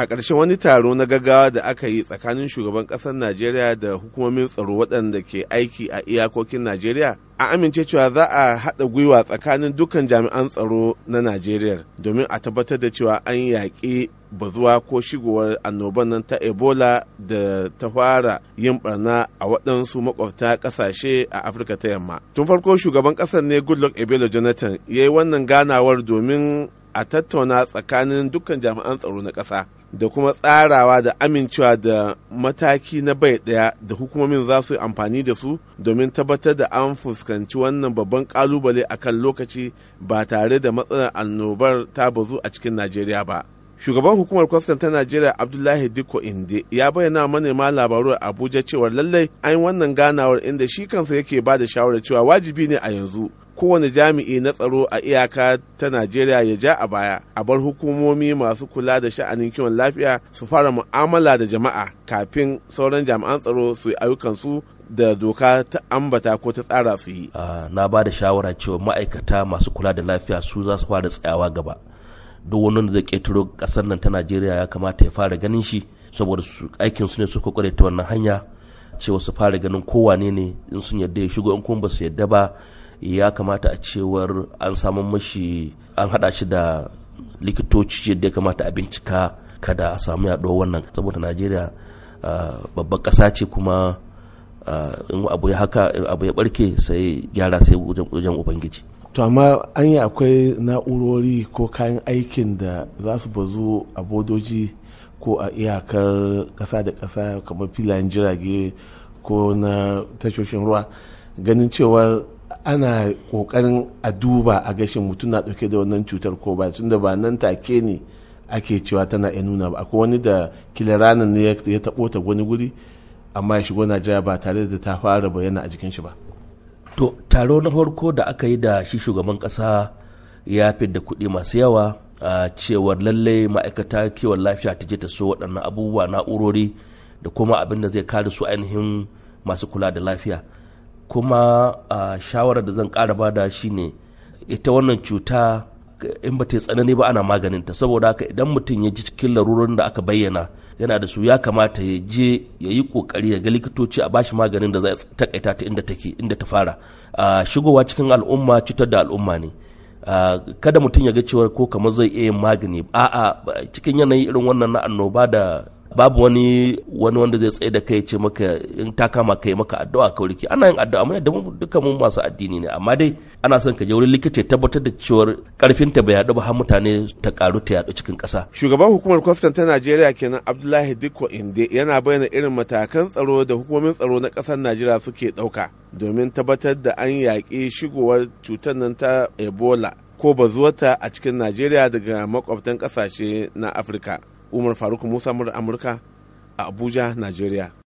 a ƙarshen wani taro na gaggawa da aka yi tsakanin shugaban ƙasar najeriya da hukumomin tsaro waɗanda ke aiki a iyakokin najeriya an amince cewa za a haɗa gwiwa tsakanin dukkan jami'an tsaro na najeriya domin a tabbatar da cewa an yaƙi bazuwa ko shigowar annoban nan ta ebola da ta fara yin barna a waɗansu makwabta ƙasashe a afirka ta yamma tun farko shugaban ƙasar ne goodluck ebola jonathan ya yi wannan ganawar domin a tattauna tsakanin dukkan jami'an tsaro na ƙasa da kuma tsarawa da amincewa da mataki na bai ɗaya da hukumomin za su yi amfani da su domin tabbatar da an fuskanci wannan babban kalubale a kan lokaci ba tare da matsalar annobar ta bazu a cikin najeriya ba shugaban hukumar Kwastan ta najeriya abdullahi dikko inde ya bayyana manema labaru a abuja cewar lallai an yi wannan ganawar inda shi kansa yake ba da shawarar cewa wajibi ne a yanzu kowane jami'i na tsaro a iyaka ta najeriya ya ja a baya a bar hukumomi masu kula da sha'anin kiwon lafiya su fara mu'amala da jama'a kafin sauran jami'an tsaro su yi ayyukansu da doka ta ambata ko ta tsara su yi ah, na ba da shawara cewa ma'aikata masu kula da lafiya su za su fara tsayawa gaba duk wani da zai turo kasar nan ta najeriya ya kamata ya fara ganin shi saboda aikin su ne suka kware ta wannan hanya cewa su fara ganin kowane ne in sun yadda ya shigo in kuma ba su yadda ba ya kamata a cewar an samun mashi an hada shi da likitoci yadda ya kamata a bincika kada a samu yaɗuwar wannan saboda najeriya babban ƙasa ce kuma in abu ya haka abu ya barke sai gyara sai wajen ubangiji to amma an yi akwai na'urori ko kayan aikin da za su bazu a bodoji ko a iyakar ƙasa da ƙasa kamar filayen jirage ko na tashoshin ruwa ganin cewar ana kokarin a duba a gashin mutum na dauke da wannan cutar ko ba tunda ba nan take ne ake cewa tana iya nuna ba akwai wani da kiliranin ne ya tabo ta wani guri amma ya shigo najeriya ba tare da ta fara bayyana a jikin shi ba to taro na farko da aka yi da shi shugaban kasa ya da kuɗi masu yawa a cewar lallai ma'aikata kiwon lafiya ta je ta so waɗannan abubuwa na'urori da kuma abin da zai kare su ainihin masu kula da lafiya kuma a shawarar da zan ƙara bada ne ita wannan cuta in ba ta yi tsanani ba ana maganin ta saboda haka idan mutum ya ji cikin larurorin da aka bayyana yana da su ya kamata ya je ya yi kokari ya ga likitoci a bashi maganin da za ta kaita ta inda take inda ta fara a shigowa cikin al'umma cutar da al'umma ne kada mutum ya ga cewa ko kamar zai iya yin magani a'a cikin yanayi irin wannan na annoba da babu wani wani wanda zai tsaye da kai ce maka in ta kama kai maka addu'a ka wuri ana yin addu'a mun da duka mu masu addini ne amma dai ana son ka je wurin likita tabbatar da cewa karfin ta bai yaɗu ba har mutane ta karu ta yaɗu cikin ƙasa shugaban hukumar kwastan ta Najeriya kenan Abdullahi Dikko Inde yana bayyana irin matakan tsaro da hukumomin tsaro na kasar Najeriya suke ɗauka domin tabbatar da an yaƙi shigowar cutar nan ta Ebola ko bazuwata a cikin Najeriya daga makwabtan kasashe na Afirka umar faruk musa amurka a abuja nigeria